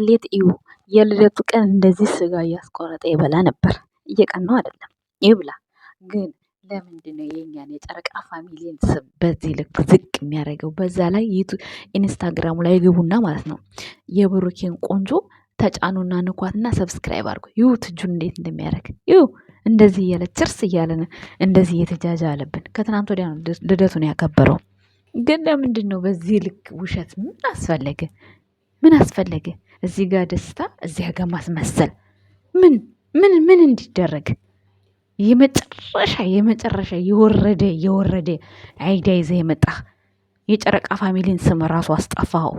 ቅሌት እዩ የልደቱ ቀን እንደዚህ ስጋ እያስቆረጠ ይበላ ነበር። እየቀን ነው አይደለም ይብላ። ግን ለምንድነው የእኛን የጨረቃ ፋሚሊን ስም በዚህ ልክ ዝቅ የሚያደርገው? በዛ ላይ ኢንስታግራሙ ላይ ግቡና ማለት ነው የብሩኬን ቆንጆ ተጫኑና ንኳትና ሰብስክራይብ አድርጉ። ይሁ ትጁ እንዴት እንደሚያደርግ ይሁ እንደዚህ እያለ ችርስ እያለ እንደዚህ እየተጃጃ አለብን። ከትናንት ወዲያ ነው ልደቱን ያከበረው። ግን ለምንድን ነው በዚህ ልክ ውሸት? ምን አስፈለገ? ምን አስፈለገ? እዚህ ጋር ደስታ፣ እዚያ ጋር ማስመሰል ምን ምን ምን እንዲደረግ የመጨረሻ የመጨረሻ የወረደ የወረደ አይዳ ይዘ የመጣህ የጨረቃ ፋሚሊን ስም ራሱ አስጠፋው።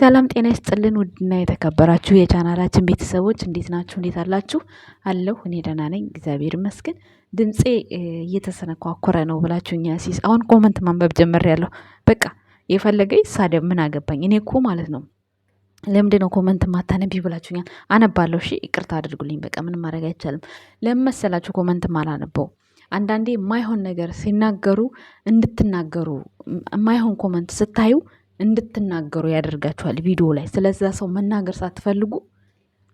ሰላም ጤና ይስጥልን ውድና የተከበራችሁ የቻናላችን ቤተሰቦች እንዴት ናችሁ? እንዴት አላችሁ? አለሁ እኔ ደህና ነኝ፣ እግዚአብሔር ይመስገን። ድምፄ እየተሰነኳኮረ ነው ብላችሁኛ ሲስ አሁን ኮመንት ማንበብ ጀምሬያለሁ። በቃ የፈለገ ይሳደብ ምን አገባኝ እኔ እኮ ማለት ነው ለምንድነው ኮመንት ማታነቢ ብላችሁኛል። አነባለሁ። እሺ ይቅርታ አድርጉልኝ። በቃ ምንም ማድረግ አይቻልም። ለምን መሰላችሁ ኮመንት ማላነበው? አንዳንዴ የማይሆን ነገር ሲናገሩ እንድትናገሩ የማይሆን ኮመንት ስታዩ እንድትናገሩ ያደርጋችኋል ቪዲዮ ላይ። ስለዛ ሰው መናገር ሳትፈልጉ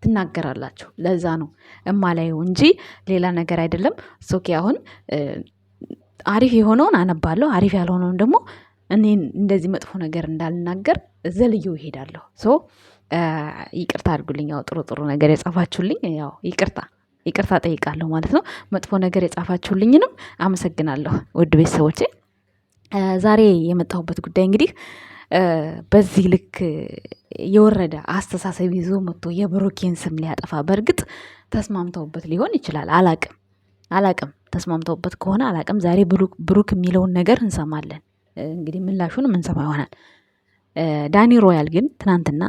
ትናገራላችሁ። ለዛ ነው እማላዩ እንጂ ሌላ ነገር አይደለም። ሶኪ አሁን አሪፍ የሆነውን አነባለሁ፣ አሪፍ ያልሆነውን ደግሞ እኔን እንደዚህ መጥፎ ነገር እንዳልናገር ዘልዬው ይሄዳለሁ። ሶ ይቅርታ አድርጉልኝ። ያው ጥሩ ጥሩ ነገር የጻፋችሁልኝ ያው ይቅርታ ይቅርታ ጠይቃለሁ ማለት ነው። መጥፎ ነገር የጻፋችሁልኝንም አመሰግናለሁ። ውድ ቤተሰቦቼ ዛሬ የመጣሁበት ጉዳይ እንግዲህ በዚህ ልክ የወረደ አስተሳሰብ ይዞ መጥቶ የብሩኬን ስም ሊያጠፋ በእርግጥ ተስማምተውበት ሊሆን ይችላል። አላቅም አላቅም ተስማምተውበት ከሆነ አላቅም። ዛሬ ብሩክ የሚለውን ነገር እንሰማለን። እንግዲህ ምላሹን ምንሰማ ይሆናል። ዳኒ ሮያል ግን ትናንትና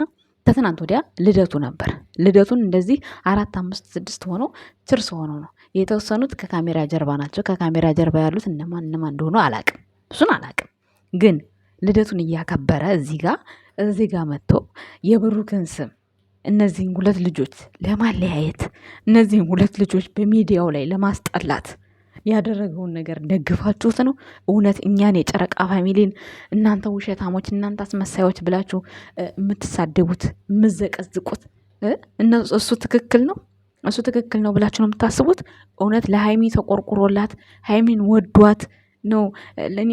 ከትናንት ወዲያ ልደቱ ነበር። ልደቱን እንደዚህ አራት አምስት ስድስት ሆኖ ችርስ ሆኖ ነው የተወሰኑት ከካሜራ ጀርባ ናቸው። ከካሜራ ጀርባ ያሉት እነማን እነማን እንደሆኑ አላቅም፣ እሱን አላቅም። ግን ልደቱን እያከበረ እዚህ ጋ እዚህ ጋ መጥቶ የብሩክን ስም እነዚህን ሁለት ልጆች ለማለያየት እነዚህን ሁለት ልጆች በሚዲያው ላይ ለማስጠላት ያደረገውን ነገር ደግፋችሁት ነው? እውነት እኛን የጨረቃ ፋሚሊን እናንተ ውሸታሞች፣ እናንተ አስመሳዮች ብላችሁ የምትሳደቡት የምዘቀዝቁት እሱ ትክክል ነው? እሱ ትክክል ነው ብላችሁ ነው የምታስቡት? እውነት ለሀይሚ ተቆርቁሮላት ሀይሚን ወዷት ነው ለእኔ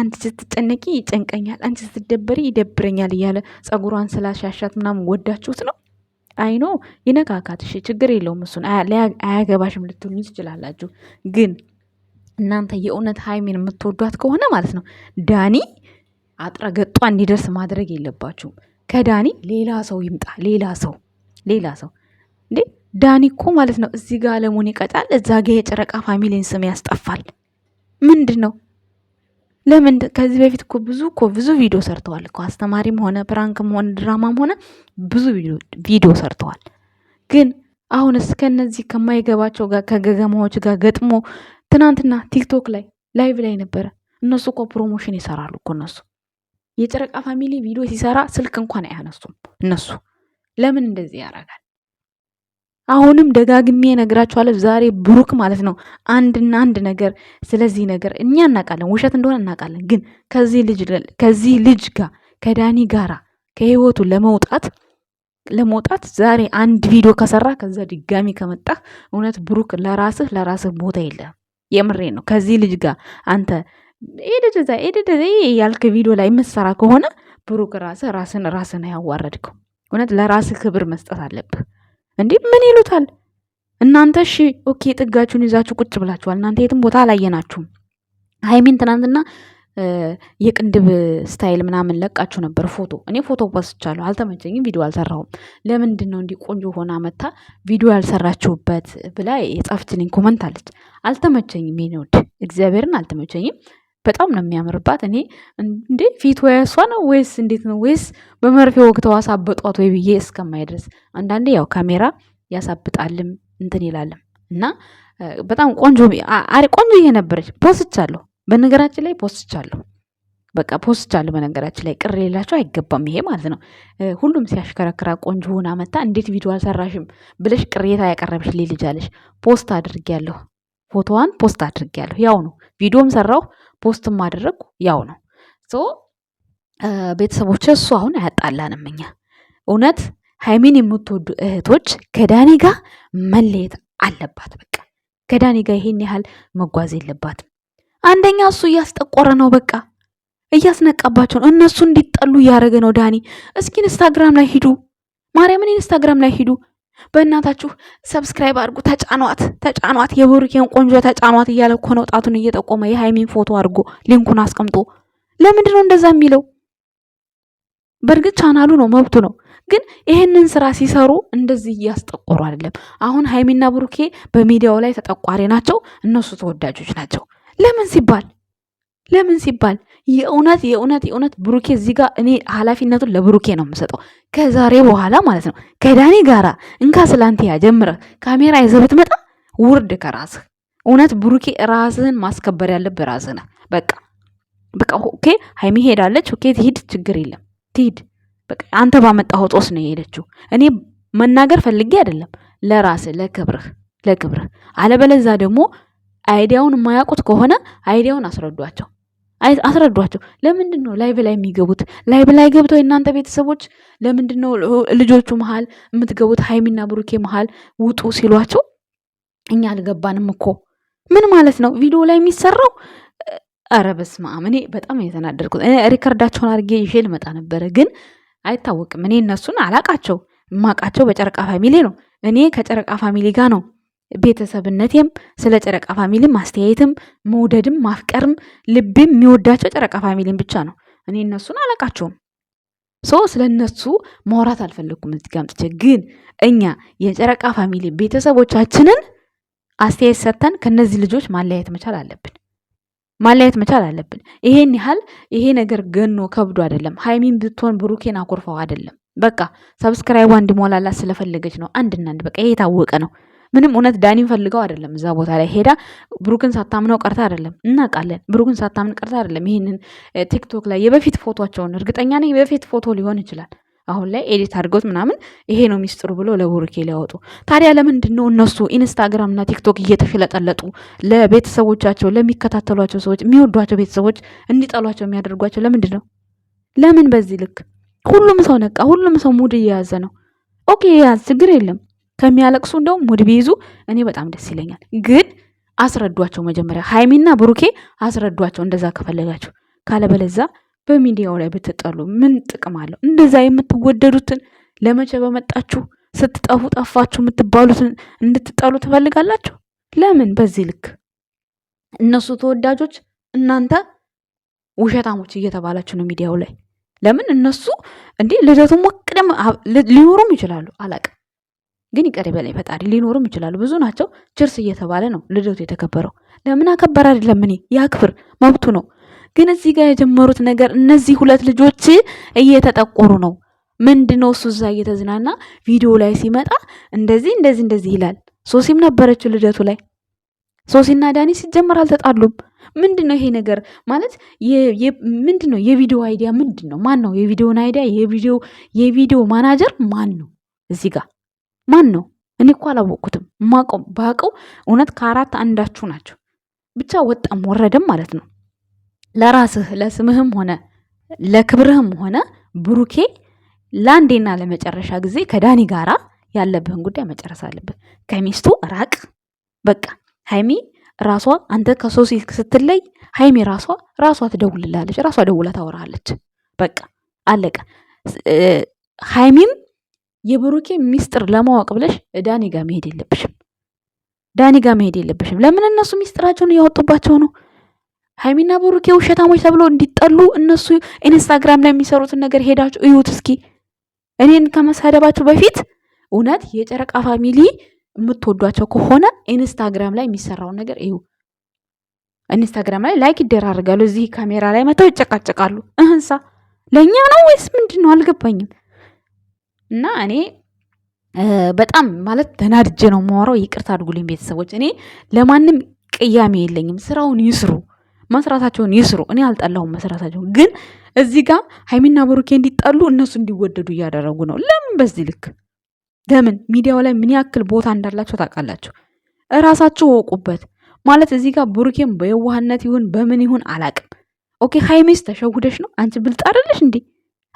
አንቺ ስትጨነቂ ይጨንቀኛል፣ አንቺ ስትደበሪ ይደብረኛል እያለ ጸጉሯን ስላሻሻት ምናምን ወዳችሁት ነው? አይኖ ይነካካት፣ እሺ ችግር የለውም እሱን አያገባሽም ልትሉ ትችላላችሁ። ግን እናንተ የእውነት ሀይሜን የምትወዷት ከሆነ ማለት ነው ዳኒ አጥረገጧ እንዲደርስ ማድረግ የለባችሁም። ከዳኒ ሌላ ሰው ይምጣ፣ ሌላ ሰው ሌላ ሰው እንዴ ዳኒ እኮ ማለት ነው እዚህ ጋር አለሙን ይቀጣል፣ እዛ ጋ የጨረቃ ፋሚሊን ስም ያስጠፋል። ምንድን ነው ለምን ከዚህ በፊት እኮ ብዙ እኮ ብዙ ቪዲዮ ሰርተዋል እኮ አስተማሪም ሆነ ፕራንክም ሆነ ድራማም ሆነ ብዙ ቪዲዮ ሰርተዋል። ግን አሁንስ ከነዚህ ከማይገባቸው ጋር ከገገማዎች ጋር ገጥሞ ትናንትና ቲክቶክ ላይ ላይቭ ላይ ነበረ። እነሱ እኮ ፕሮሞሽን ይሰራሉ እኮ እነሱ የጨረቃ ፋሚሊ ቪዲዮ ሲሰራ ስልክ እንኳን አያነሱም እነሱ። ለምን እንደዚህ ያደርጋል? አሁንም ደጋግሜ እነግራችኋለሁ። ዛሬ ብሩክ ማለት ነው አንድና አንድ ነገር ስለዚህ ነገር እኛ እናውቃለን፣ ውሸት እንደሆነ እናውቃለን። ግን ከዚህ ልጅ ከዚህ ልጅ ጋር ከዳኒ ጋራ ከህይወቱ ለመውጣት ለመውጣት ዛሬ አንድ ቪዲዮ ከሰራ ከዛ ድጋሚ ከመጣ እውነት ብሩክ ለራስህ ለራስህ ቦታ የለም። የምሬ ነው። ከዚህ ልጅ ጋር አንተ ኤደደዛ ኤደደዛ ያልክ ቪዲዮ ላይ የምትሰራ ከሆነ ብሩክ ራስህ ራስን ራስን ያዋረድከው እውነት ለራስህ ክብር መስጠት አለብህ። እንዴ ምን ይሉታል? እናንተ እሺ ኦኬ፣ ጥጋችሁን ይዛችሁ ቁጭ ብላችኋል። እናንተ የትም ቦታ አላየናችሁም። ሀይሚን ትናንትና የቅንድብ ስታይል ምናምን ለቃችሁ ነበር ፎቶ። እኔ ፎቶ ፖስቻለሁ፣ አልተመቸኝም፣ ቪዲዮ አልሰራሁም። ለምንድን ነው እንዲህ ቆንጆ ሆና መታ ቪዲዮ ያልሰራችሁበት ብላ የጻፍችልኝ ኮመንት አለች። አልተመቸኝም፣ ይንውድ እግዚአብሔርን አልተመቸኝም። በጣም ነው የሚያምርባት። እኔ እንዴ ፊት ወይ እሷ ነው ወይስ እንዴት ነው ወይስ በመርፌ ወግተው አሳበጧት ወይ ብዬ እስከማይደርስ። አንዳንዴ ያው ካሜራ ያሳብጣልም እንትን ይላልም እና በጣም ቆንጆ ቆንጆ ነበረች። ፖስቻለሁ፣ በነገራችን ላይ ፖስቻለሁ። በቃ ፖስቻለሁ። በነገራችን ላይ ቅር ሌላቸው አይገባም ይሄ ማለት ነው። ሁሉም ሲያሽከረክራ ቆንጆ ሆና መታ እንዴት ቪዲዮ አልሰራሽም ብለሽ ቅሬታ ያቀረብሽ ልጅ አለሽ። ፖስት አድርጌያለሁ፣ ፎቶዋን ፖስት አድርጌያለሁ። ያው ነው ቪዲዮም ሰራሁ ፖስት ማድረግ ያው ነው። ሶ ቤተሰቦች እሱ አሁን አያጣላንም። እኛ እውነት ሃይሚን የምትወዱ እህቶች ከዳኒ ጋር መለየት አለባት። በቃ ከዳኒ ጋር ይሄን ያህል መጓዝ የለባትም። አንደኛ እሱ እያስጠቆረ ነው፣ በቃ እያስነቃባቸው ነው። እነሱ እንዲጠሉ እያደረገ ነው ዳኒ። እስኪ ኢንስታግራም ላይ ሂዱ፣ ማርያምን ኢንስታግራም ላይ ሂዱ። በእናታችሁ ሰብስክራይብ አድርጉ። ተጫኗት ተጫኗት፣ የብሩኬን ቆንጆ ተጫኗት እያለ እኮ ነው ጣቱን እየጠቆመ የሃይሚን ፎቶ አድርጎ ሊንኩን አስቀምጦ። ለምንድን ነው እንደዛ የሚለው? በእርግጥ ቻናሉ ነው መብቱ ነው። ግን ይህንን ስራ ሲሰሩ እንደዚህ እያስጠቆሩ አይደለም። አሁን ሃይሚና ብሩኬ በሚዲያው ላይ ተጠቋሪ ናቸው፣ እነሱ ተወዳጆች ናቸው። ለምን ሲባል ለምን ሲባል የእውነት የእውነት የእውነት ብሩኬ እዚህ ጋር እኔ ኃላፊነቱን ለብሩኬ ነው የምሰጠው። ከዛሬ በኋላ ማለት ነው ከዳኒ ጋራ እንካ ስላንቴ ያጀምረ ካሜራ ይዘህ ብትመጣ ውርድ ከራስህ። እውነት ብሩኬ ራስህን ማስከበር ያለብህ ራስህ ነህ። በቃ በቃ ኦኬ፣ ሀይሚ ሄዳለች። ኦኬ ትሂድ፣ ችግር የለም ትሂድ። በቃ አንተ ባመጣኸው ጦስ ነው የሄደችው። እኔ መናገር ፈልጌ አይደለም፣ ለራስህ ለክብርህ ለክብርህ። አለበለዛ ደግሞ አይዲያውን የማያውቁት ከሆነ አይዲያውን አስረዷቸው። አስረዷቸው። ለምንድን ነው ላይ ላይ የሚገቡት? ላይ ላይ ገብተው የእናንተ ቤተሰቦች ለምንድን ነው ልጆቹ መሀል የምትገቡት? ሀይሚና ብሩኬ መሀል ውጡ ሲሏቸው እኛ አልገባንም እኮ ምን ማለት ነው? ቪዲዮ ላይ የሚሰራው ኧረ በስመ አብ! እኔ በጣም የተናደድኩት ሪከርዳቸውን አድርጌ ይዤ ልመጣ ነበረ፣ ግን አይታወቅም። እኔ እነሱን አላቃቸው። የማውቃቸው በጨረቃ ፋሚሊ ነው። እኔ ከጨረቃ ፋሚሊ ጋር ነው ቤተሰብነቴም ስለ ጨረቃ ፋሚሊም አስተያየትም መውደድም ማፍቀርም ልቤም የሚወዳቸው ጨረቃ ፋሚሊም ብቻ ነው። እኔ እነሱን አላቃቸውም። ሶ ስለ እነሱ ማውራት አልፈለግኩም እዚህ ጋምጥቼ። ግን እኛ የጨረቃ ፋሚሊ ቤተሰቦቻችንን አስተያየት ሰጥተን ከነዚህ ልጆች ማለያየት መቻል አለብን ማለያየት መቻል አለብን። ይሄን ያህል ይሄ ነገር ገኖ ከብዶ አይደለም። ሀይሚን ብትሆን ብሩኬን አኮርፈው አይደለም። በቃ ሰብስክራይቧ እንዲሞላላት ስለፈለገች ነው። አንድና አንድ በቃ ይሄ የታወቀ ነው። ምንም እውነት ዳኒን ፈልገው አይደለም እዛ ቦታ ላይ ሄዳ ብሩክን ሳታምነው ቀርታ አይደለም። እናውቃለን፣ ብሩክን ሳታምን ቀርታ አይደለም። ይህንን ቲክቶክ ላይ የበፊት ፎቶቸውን እርግጠኛ ነኝ የበፊት ፎቶ ሊሆን ይችላል። አሁን ላይ ኤዲት አድርገውት ምናምን ይሄ ነው ሚስጥሩ ብሎ ለቡሩኬ ሊያወጡ። ታዲያ ለምንድን ነው እነሱ ኢንስታግራምና ቲክቶክ እየተሸለጠለጡ ለቤተሰቦቻቸው ለሚከታተሏቸው ሰዎች የሚወዷቸው ቤተሰቦች እንዲጠሏቸው የሚያደርጓቸው ለምንድን ነው? ለምን በዚህ ልክ ሁሉም ሰው ነቃ። ሁሉም ሰው ሙድ እየያዘ ነው። ኦኬ ያዝ፣ ችግር የለም። ከሚያለቅሱ እንደውም ሙድ ቢይዙ እኔ በጣም ደስ ይለኛል። ግን አስረዷቸው፣ መጀመሪያ ሀይሚና ብሩኬ አስረዷቸው እንደዛ ከፈለጋቸው። ካለበለዛ በሚዲያው ላይ ብትጠሉ ምን ጥቅም አለው? እንደዛ የምትወደዱትን ለመቼ በመጣችሁ ስትጠፉ ጠፋችሁ የምትባሉትን እንድትጠሉ ትፈልጋላችሁ? ለምን በዚህ ልክ እነሱ ተወዳጆች እናንተ ውሸታሞች እየተባላችሁ ነው ሚዲያው ላይ። ለምን እነሱ እንዲህ ልደቱ ሞቅደም ሊኖሩም ይችላሉ አላቅም። ግን ይቀር በላይ ፈጣሪ። ሊኖሩም ይችላሉ ብዙ ናቸው። ችርስ እየተባለ ነው ልደቱ የተከበረው። ለምን አከበር አይደለም እኔ ያክብር መብቱ ነው። ግን እዚህ ጋር የጀመሩት ነገር እነዚህ ሁለት ልጆች እየተጠቆሩ ነው። ምንድነው ነው እሱ እዛ እየተዝናና ቪዲዮ ላይ ሲመጣ እንደዚህ እንደዚህ እንደዚህ ይላል። ሶሲም ነበረችው ልደቱ ላይ ሶሲና ዳኒ ሲጀመር አልተጣሉም። ምንድን ነው ይሄ ነገር ማለት ምንድን ነው? የቪዲዮ አይዲያ ምንድን ነው? ማን ነው የቪዲዮን አይዲያ የቪዲዮ ማናጀር ማን ነው እዚህ ጋር ማን ነው? እኔ እኮ አላወቅኩትም። ማቀው ባቀው እውነት ከአራት አንዳችሁ ናቸው። ብቻ ወጣም ወረደም ማለት ነው ለራስህ ለስምህም ሆነ ለክብርህም ሆነ ብሩኬ ለአንዴና ለመጨረሻ ጊዜ ከዳኒ ጋራ ያለብህን ጉዳይ መጨረስ አለብህ። ከሚስቱ ራቅ። በቃ ሀይሚ ራሷ አንተ ከሶሲ ስትለይ ሀይሚ ራሷ ራሷ ትደውልላለች፣ ራሷ ደውላ ታወራለች። በቃ አለቀ። ሀይሚም የብሩኬ ሚስጥር ለማወቅ ብለሽ ዳኒ ጋር መሄድ የለብሽም። ዳኒ ጋር መሄድ የለብሽም። ለምን እነሱ ሚስጥራቸውን እያወጡባቸው ነው። ሀይሚና ብሩኬ ውሸታሞች ተብሎ እንዲጠሉ እነሱ ኢንስታግራም ላይ የሚሰሩትን ነገር ሄዳችሁ እዩት እስኪ። እኔን ከመሳደባችሁ በፊት እውነት የጨረቃ ፋሚሊ የምትወዷቸው ከሆነ ኢንስታግራም ላይ የሚሰራውን ነገር እዩ። ኢንስታግራም ላይ ላይክ ይደራርጋሉ፣ እዚህ ካሜራ ላይ መተው ይጨቃጨቃሉ። እህንሳ ለእኛ ነው ወይስ ምንድን ነው? አልገባኝም። እና እኔ በጣም ማለት ተናድጄ ነው የማወራው። ይቅርታ አድርጉልኝ ቤተሰቦች። እኔ ለማንም ቅያሜ የለኝም። ስራውን ይስሩ፣ መስራታቸውን ይስሩ። እኔ አልጠላሁም መስራታቸው ግን እዚህ ጋር ሀይሚና ብሩኬ እንዲጣሉ እነሱ እንዲወደዱ እያደረጉ ነው። ለምን በዚህ ልክ ለምን ሚዲያው ላይ ምን ያክል ቦታ እንዳላቸው ታውቃላችሁ። እራሳችሁ ወቁበት። ማለት እዚህ ጋር ብሩኬን በየዋህነት ይሁን በምን ይሁን አላቅም። ኦኬ ሀይሚስ ተሸውደሽ ነው አንቺ ብልጥ አይደለሽ እንዴ?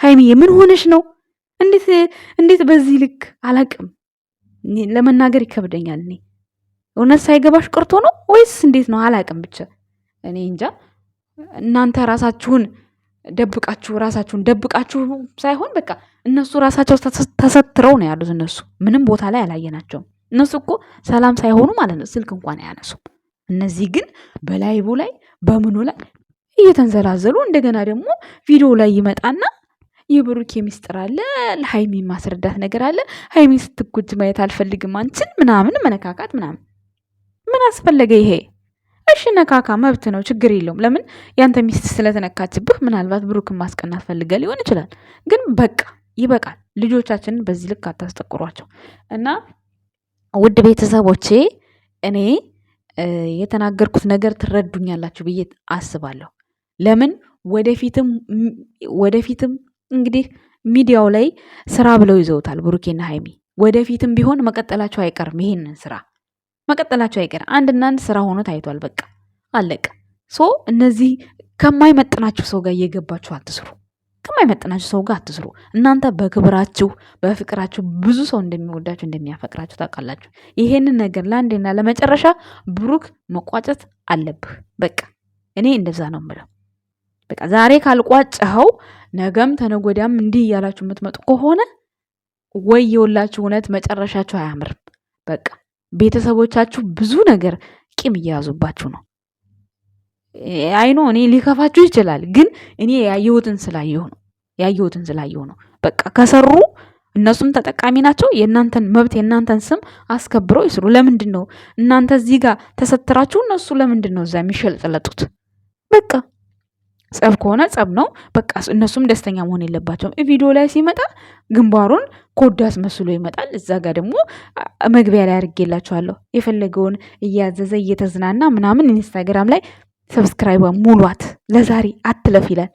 ሀይሚ የምን ሆነሽ ነው? እንዴት እንዴት በዚህ ልክ አላቅም ለመናገር ይከብደኛል። እኔ እውነት ሳይገባሽ ቀርቶ ነው ወይስ እንዴት ነው አላቅም። ብቻ እኔ እንጃ እናንተ ራሳችሁን ደብቃችሁ ራሳችሁን ደብቃችሁ ሳይሆን በቃ እነሱ ራሳቸው ተሰትረው ነው ያሉት። እነሱ ምንም ቦታ ላይ አላየናቸውም። እነሱ እኮ ሰላም ሳይሆኑ ማለት ነው ስልክ እንኳን አያነሱም። እነዚህ ግን በላይቡ ላይ በምኑ ላይ እየተንዘላዘሉ እንደገና ደግሞ ቪዲዮ ላይ ይመጣና የብሩኬ ሚስጥር አለ፣ ለሀይሚ ማስረዳት ነገር አለ። ሀይሚ ስትጎጅ ማየት አልፈልግም፣ አንቺን ምናምን መነካካት ምናምን። ምን አስፈለገ ይሄ? እሺ ነካካ፣ መብት ነው፣ ችግር የለውም። ለምን ያንተ ሚስት ስለተነካችብህ ምናልባት ብሩክን ማስቀናት ፈልገ ሊሆን ይችላል። ግን በቃ ይበቃል። ልጆቻችንን በዚህ ልክ አታስጠቁሯቸው። እና ውድ ቤተሰቦቼ እኔ የተናገርኩት ነገር ትረዱኛላችሁ ብዬ አስባለሁ። ለምን ወደፊትም ወደፊትም እንግዲህ ሚዲያው ላይ ስራ ብለው ይዘውታል። ብሩኬና ሀይሚ ወደፊትም ቢሆን መቀጠላቸው አይቀርም። ይሄንን ስራ መቀጠላቸው አይቀርም። አንድና አንድ ስራ ሆኖ ታይቷል። በቃ አለቀ። ሶ እነዚህ ከማይመጥናችሁ ሰው ጋር እየገባችሁ አትስሩ። ከማይመጥናችሁ ሰው ጋር አትስሩ። እናንተ በክብራችሁ በፍቅራችሁ ብዙ ሰው እንደሚወዳችሁ እንደሚያፈቅራችሁ ታውቃላችሁ። ይሄንን ነገር ለአንዴና ለመጨረሻ ብሩክ መቋጨት አለብህ። በቃ እኔ እንደዛ ነው የምለው። በቃ ዛሬ ካልቋጨኸው ነገም ተነጎዳም እንዲህ እያላችሁ የምትመጡ ከሆነ ወይ የወላችሁ እውነት መጨረሻችሁ አያምርም። በቃ ቤተሰቦቻችሁ ብዙ ነገር ቂም እየያዙባችሁ ነው። አይኖ እኔ ሊከፋችሁ ይችላል፣ ግን እኔ ያየሁትን ስላየሁ ነው ያየሁትን ስላየሁ ነው። በቃ ከሰሩ እነሱም ተጠቃሚ ናቸው። የእናንተን መብት የእናንተን ስም አስከብረው ይስሩ። ለምንድን ነው እናንተ እዚህ ጋር ተሰትራችሁ እነሱ ለምንድን ነው እዛ የሚሸለጥለጡት? በቃ ጸብ ከሆነ ጸብ ነው በቃ። እነሱም ደስተኛ መሆን የለባቸውም። ቪዲዮ ላይ ሲመጣ ግንባሩን ኮዳ አስመስሎ ይመጣል። እዛ ጋር ደግሞ መግቢያ ላይ አድርጌላቸዋለሁ የፈለገውን እያዘዘ እየተዝናና ምናምን ኢንስታግራም ላይ ሰብስክራይብ ሙሏት ለዛሬ አትለፍ ይላል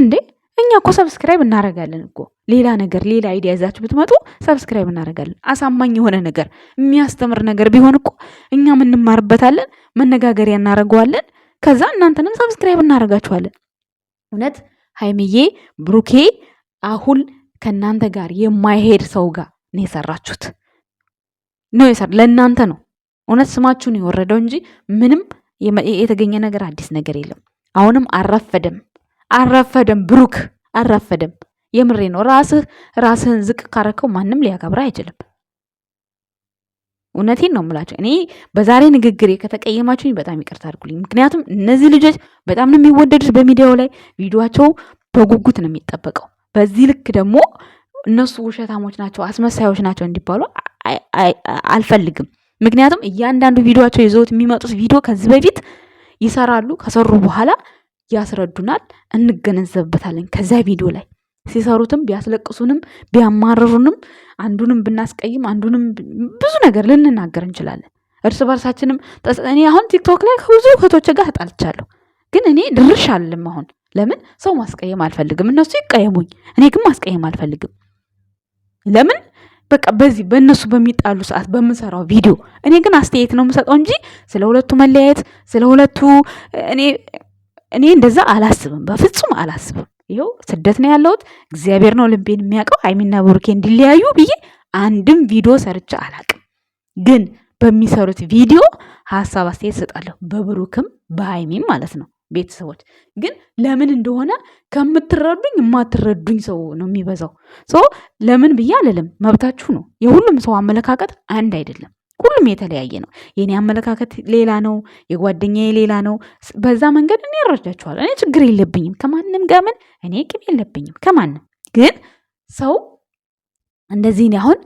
እንዴ። እኛ እኮ ሰብስክራይብ እናረጋለን እኮ ሌላ ነገር ሌላ አይዲያ ይዛችሁ ብትመጡ ሰብስክራይብ እናረጋለን። አሳማኝ የሆነ ነገር የሚያስተምር ነገር ቢሆን እኮ እኛም እንማርበታለን፣ መነጋገሪያ እናደርገዋለን። ከዛ እናንተንም ሰብስክራይብ እናደርጋችኋለን። እውነት ሀይምዬ ብሩኬ አሁን ከእናንተ ጋር የማይሄድ ሰው ጋር ነው የሰራችሁት፣ ነው የሰራ ለእናንተ ነው እውነት ስማችሁን የወረደው እንጂ ምንም የተገኘ ነገር አዲስ ነገር የለም። አሁንም አረፈደም አረፈደም ብሩክ አረፈደም የምሬ ነው። ራስህ ራስህን ዝቅ ካረከው ማንም ሊያከብር አይችልም። እውነቴን ነው የምላቸው። እኔ በዛሬ ንግግሬ ከተቀየማችሁኝ በጣም ይቅርታ አድርጉልኝ። ምክንያቱም እነዚህ ልጆች በጣም ነው የሚወደዱት በሚዲያው ላይ ቪዲዮቸው በጉጉት ነው የሚጠበቀው። በዚህ ልክ ደግሞ እነሱ ውሸታሞች ናቸው አስመሳዮች ናቸው እንዲባሉ አልፈልግም። ምክንያቱም እያንዳንዱ ቪዲዮቸው ይዘውት የሚመጡት ቪዲዮ ከዚህ በፊት ይሰራሉ፣ ከሰሩ በኋላ ያስረዱናል፣ እንገነዘብበታለን። ከዚያ ቪዲዮ ላይ ሲሰሩትም ቢያስለቅሱንም ቢያማርሩንም አንዱንም ብናስቀይም አንዱንም ብዙ ነገር ልንናገር እንችላለን። እርስ በርሳችንም እኔ አሁን ቲክቶክ ላይ ከብዙ እህቶች ጋር ተጣልቻለሁ፣ ግን እኔ ድርሽ አልልም። አሁን ለምን ሰው ማስቀየም አልፈልግም። እነሱ ይቀየሙኝ፣ እኔ ግን ማስቀየም አልፈልግም። ለምን በቃ በዚህ በእነሱ በሚጣሉ ሰዓት በምሰራው ቪዲዮ እኔ ግን አስተያየት ነው የምሰጠው እንጂ ስለ ሁለቱ መለያየት ስለ ሁለቱ እኔ እኔ እንደዛ አላስብም፣ በፍጹም አላስብም። ይኸው ስደት ነው ያለሁት። እግዚአብሔር ነው ልቤን የሚያውቀው። ሀይሚና ብሩኬ እንዲለያዩ ብዬ አንድም ቪዲዮ ሰርቼ አላቅም። ግን በሚሰሩት ቪዲዮ ሀሳብ አስተያየት ሰጣለሁ በብሩክም በሀይሚም ማለት ነው። ቤተሰቦች ግን ለምን እንደሆነ ከምትረዱኝ የማትረዱኝ ሰው ነው የሚበዛው። ለምን ብዬ አልልም፣ መብታችሁ ነው። የሁሉም ሰው አመለካከት አንድ አይደለም። ሁሉም የተለያየ ነው። የኔ አመለካከት ሌላ ነው፣ የጓደኛ ሌላ ነው። በዛ መንገድ እኔ ያረዳችኋለሁ። እኔ ችግር የለብኝም ከማንም ጋር ምን እኔ ቂም የለብኝም ከማንም ግን ሰው እንደዚህ እኔ አሁን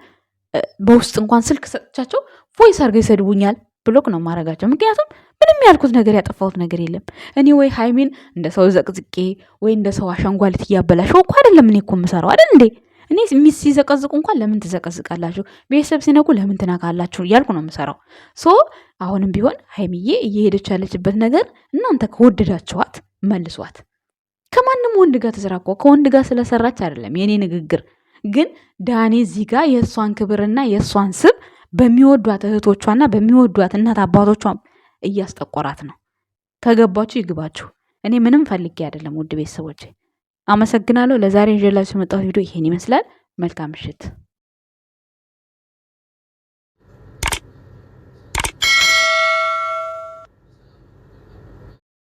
በውስጥ እንኳን ስልክ ሰጥቻቸው ቮይስ አድርገው ይሰድቡኛል ብሎክ ነው ማረጋቸው። ምክንያቱም ምንም ያልኩት ነገር ያጠፋሁት ነገር የለም። እኔ ወይ ሀይሜን እንደ ሰው ዘቅዝቄ ወይ እንደ ሰው አሸንጓሊት እያበላሸው እኮ አይደለም እኔ እኮ የምሰራው እንዴ እኔ ሚስ ሲዘቀዝቁ እንኳን ለምን ትዘቀዝቃላችሁ፣ ቤተሰብ ሲነኩ ለምን ትነካላችሁ? እያልኩ ነው የምሰራው። ሶ አሁንም ቢሆን ሀይሚዬ እየሄደች ያለችበት ነገር እናንተ ከወደዳችኋት መልሷት። ከማንም ወንድ ጋር ትስራ ከወንድ ጋር ስለሰራች አይደለም የእኔ ንግግር። ግን ዳኔ እዚህ ጋር የእሷን ክብርና የእሷን ስብ በሚወዷት እህቶቿና በሚወዷት እናት አባቶቿ እያስጠቆራት ነው። ከገባችሁ ይግባችሁ። እኔ ምንም ፈልጌ አይደለም ውድ ቤተሰቦቼ። አመሰግናለሁ። ለዛሬ ይዤላችሁ የመጣሁት ቪዲዮ ይሄን ይመስላል። መልካም ምሽት